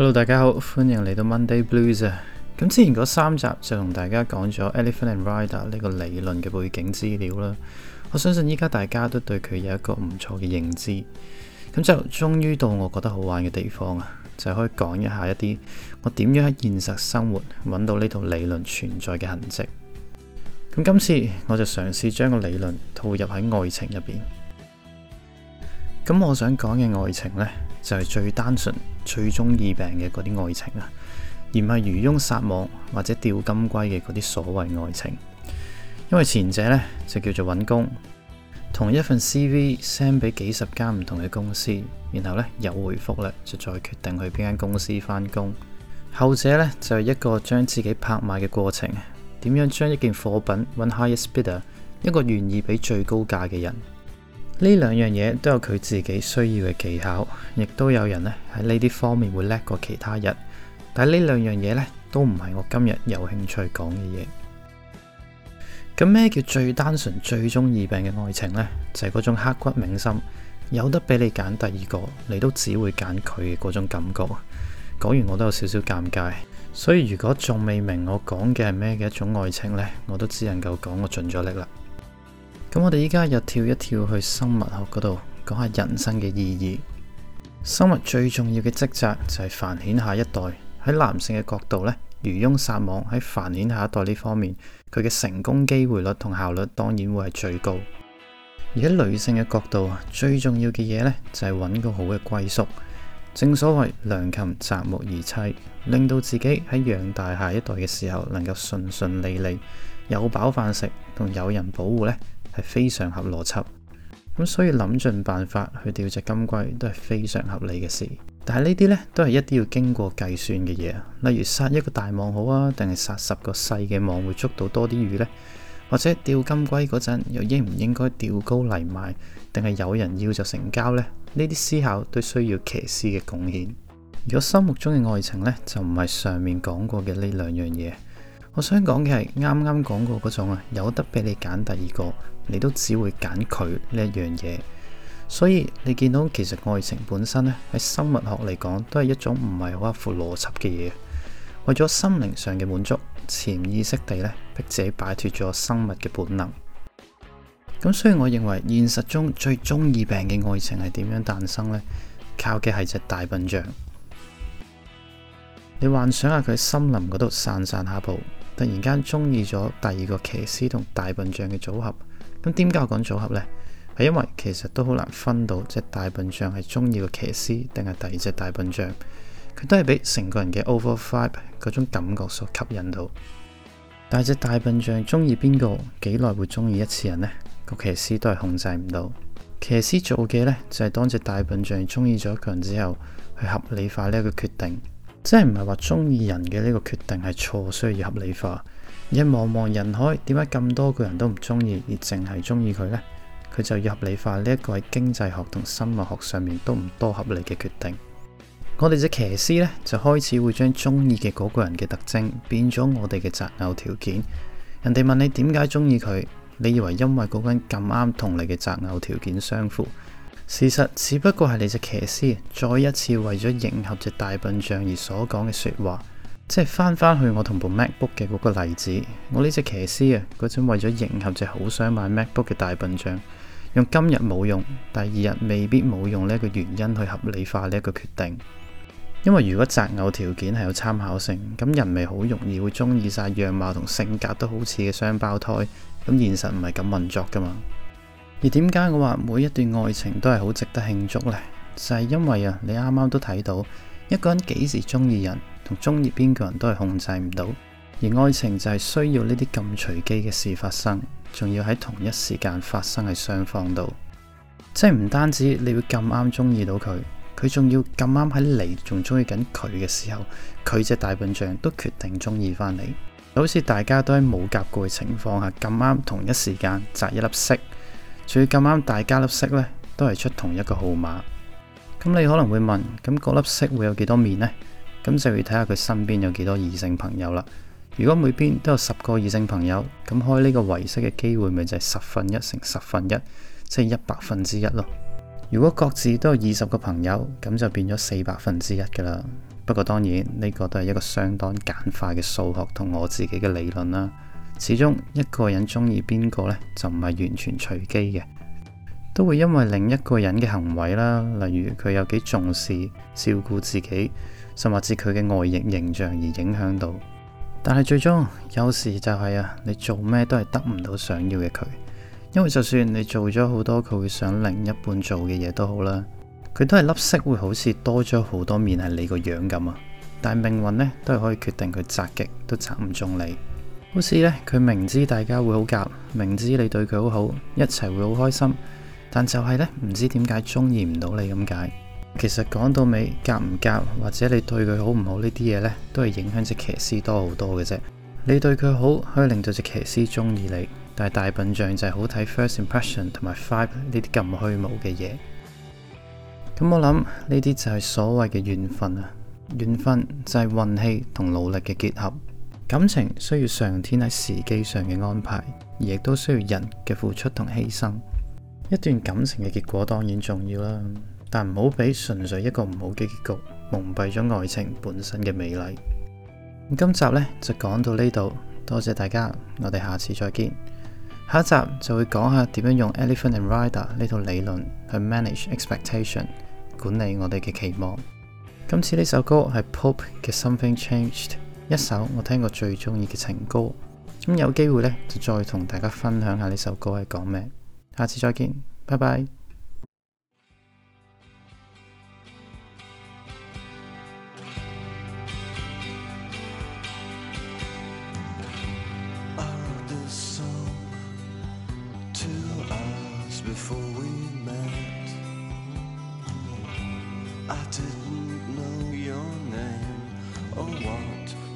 Hello，大家好，歡迎嚟到 Monday Blues 啊！咁之前嗰三集就同大家講咗 Elephant and Rider 呢個理論嘅背景資料啦。我相信依家大家都對佢有一個唔錯嘅認知。咁就終於到我覺得好玩嘅地方啊，就可以講一下一啲我點樣喺現實生活揾到呢套理論存在嘅痕跡。咁今次我就嘗試將個理論套入喺愛情入邊。咁我想講嘅愛情呢，就係最單純、最中意病嘅嗰啲愛情啊，而唔係漁翁撒網或者釣金龜嘅嗰啲所謂愛情。因為前者呢，就叫做揾工，同一份 CV send 俾幾十間唔同嘅公司，然後呢，有回覆呢就再決定去邊間公司翻工。後者呢，就係一個將自己拍賣嘅過程，點樣將一件貨品揾 highest bidder，一個願意俾最高價嘅人。呢兩樣嘢都有佢自己需要嘅技巧，亦都有人呢喺呢啲方面會叻過其他人。但係呢兩樣嘢呢，都唔係我今日有興趣講嘅嘢。咁咩叫最單純、最中意病嘅愛情呢？就係嗰種刻骨銘心，有得俾你揀第二個，你都只會揀佢嘅嗰種感覺。講完我都有少少尷尬，所以如果仲未明我講嘅係咩嘅一種愛情呢，我都只能夠講我盡咗力啦。咁我哋依家又跳一跳去生物學嗰度，講下人生嘅意義。生物最重要嘅職責就係繁衍下一代。喺男性嘅角度呢，漁翁撒網喺繁衍下一代呢方面，佢嘅成功機會率同效率當然會係最高。而喺女性嘅角度啊，最重要嘅嘢呢就係、是、揾個好嘅歸宿。正所謂良禽擇木而棲，令到自己喺養大下一代嘅時候，能夠順順利利，有飽飯食同有人保護呢。係非常合邏輯，咁所以諗盡辦法去釣隻金龜都係非常合理嘅事。但係呢啲呢，都係一啲要經過計算嘅嘢。例如殺一個大網好啊，定係殺十個細嘅網會捉到多啲魚呢？或者釣金龜嗰陣又應唔應該釣高嚟賣，定係有人要就成交呢？呢啲思考都需要騎師嘅貢獻。如果心目中嘅愛情呢，就唔係上面講過嘅呢兩樣嘢。我想講嘅係啱啱講過嗰種啊，有得俾你揀，第二個你都只會揀佢呢一樣嘢。所以你見到其實愛情本身咧，喺生物學嚟講都係一種唔係好符邏輯嘅嘢。為咗心靈上嘅滿足，潛意識地咧逼自己擺脫咗生物嘅本能。咁所以我認為現實中最中意病嘅愛情係點樣誕生呢？靠嘅係隻大笨象。你幻想下佢喺森林嗰度散散下步。突然間中意咗第二個騎師同大笨象嘅組合，咁點解我講組合呢？係因為其實都好難分到，即係大笨象係中意個騎師定係第二隻大笨象，佢都係俾成個人嘅 overall vibe 嗰種感覺所吸引到。但係隻大笨象中意邊個，幾耐會中意一次人呢？個騎師都係控制唔到。騎師做嘅呢，就係當隻大笨象中意咗一個人之後，去合理化呢一個決定。即係唔係話中意人嘅呢個決定係錯，需要合理化。一茫茫人海，點解咁多個人都唔中意，而淨係中意佢呢？佢就要合理化呢一個喺經濟學同生物學上面都唔多合理嘅決定。我哋隻騎師呢，就開始會將中意嘅嗰個人嘅特徵變咗我哋嘅擇偶條件。人哋問你點解中意佢，你以為因為嗰個人咁啱同你嘅擇偶條件相符？事實只不過係你隻騎師再一次為咗迎合隻大笨象而所講嘅說話，即係翻翻去我同部 MacBook 嘅嗰個例子，我呢隻騎師啊，嗰陣為咗迎合隻好想買 MacBook 嘅大笨象，用今日冇用，第二日未必冇用呢一個原因去合理化呢一個決定，因為如果擇偶條件係有參考性，咁人咪好容易會中意晒樣貌同性格都好似嘅雙胞胎，咁現實唔係咁運作噶嘛。而點解我話每一段愛情都係好值得慶祝呢？就係因為啊，你啱啱都睇到一個人幾時中意人，同中意邊個人都係控制唔到。而愛情就係需要呢啲咁隨機嘅事發生，仲要喺同一時間發生喺雙方度，即係唔單止你會咁啱中意到佢，佢仲要咁啱喺你仲中意緊佢嘅時候，佢隻大笨象都決定中意翻你，好似大家都喺冇夾過嘅情況下咁啱同一時間摘一粒色。仲要咁啱大家粒色咧，都係出同一個號碼。咁你可能會問，咁嗰粒色會有幾多面呢？咁就要睇下佢身邊有幾多異性朋友啦。如果每邊都有十個異性朋友，咁開呢個遺式嘅機會咪就係十分一乘十分一，即係一百分之一咯。如果各自都有二十個朋友，咁就變咗四百分之一嘅啦。不過當然呢個都係一個相當簡化嘅數學同我自己嘅理論啦。始終一個人中意邊個呢，就唔係完全隨機嘅，都會因為另一個人嘅行為啦，例如佢有幾重視照顧自己，甚至佢嘅外形形象而影響到。但係最終有時就係、是、啊，你做咩都係得唔到想要嘅佢，因為就算你做咗好多，佢會想另一半做嘅嘢都好啦，佢都係粒色會好似多咗好多面係你個樣咁啊。但係命運呢，都係可以決定佢擇極都擇唔中你。好似呢，佢明知大家會好夾，明知你對佢好好，一齊會好開心，但就係呢，唔知點解中意唔到你咁解。其實講到尾，夾唔夾或者你對佢好唔好呢啲嘢呢，都係影響隻騎師多好多嘅啫。你對佢好可以令到隻騎師中意你，但係大笨象就係好睇 first impression 同埋 vibe 呢啲咁虛無嘅嘢。咁、嗯、我諗呢啲就係所謂嘅緣分啊，緣分就係運氣同努力嘅結合。感情需要上天喺時機上嘅安排，而亦都需要人嘅付出同犧牲。一段感情嘅結果當然重要啦，但唔好俾純粹一個唔好嘅結局蒙蔽咗愛情本身嘅美麗。今集呢就講到呢度，多謝大家，我哋下次再見。下一集就會講下點樣用 Elephant and Rider 呢套理論去 manage expectation，管理我哋嘅期望。今次呢首歌係 Pulp 嘅 Something Changed。一首我聽過最中意嘅情歌，咁有機會呢，就再同大家分享下呢首歌係講咩？下次再見，拜拜。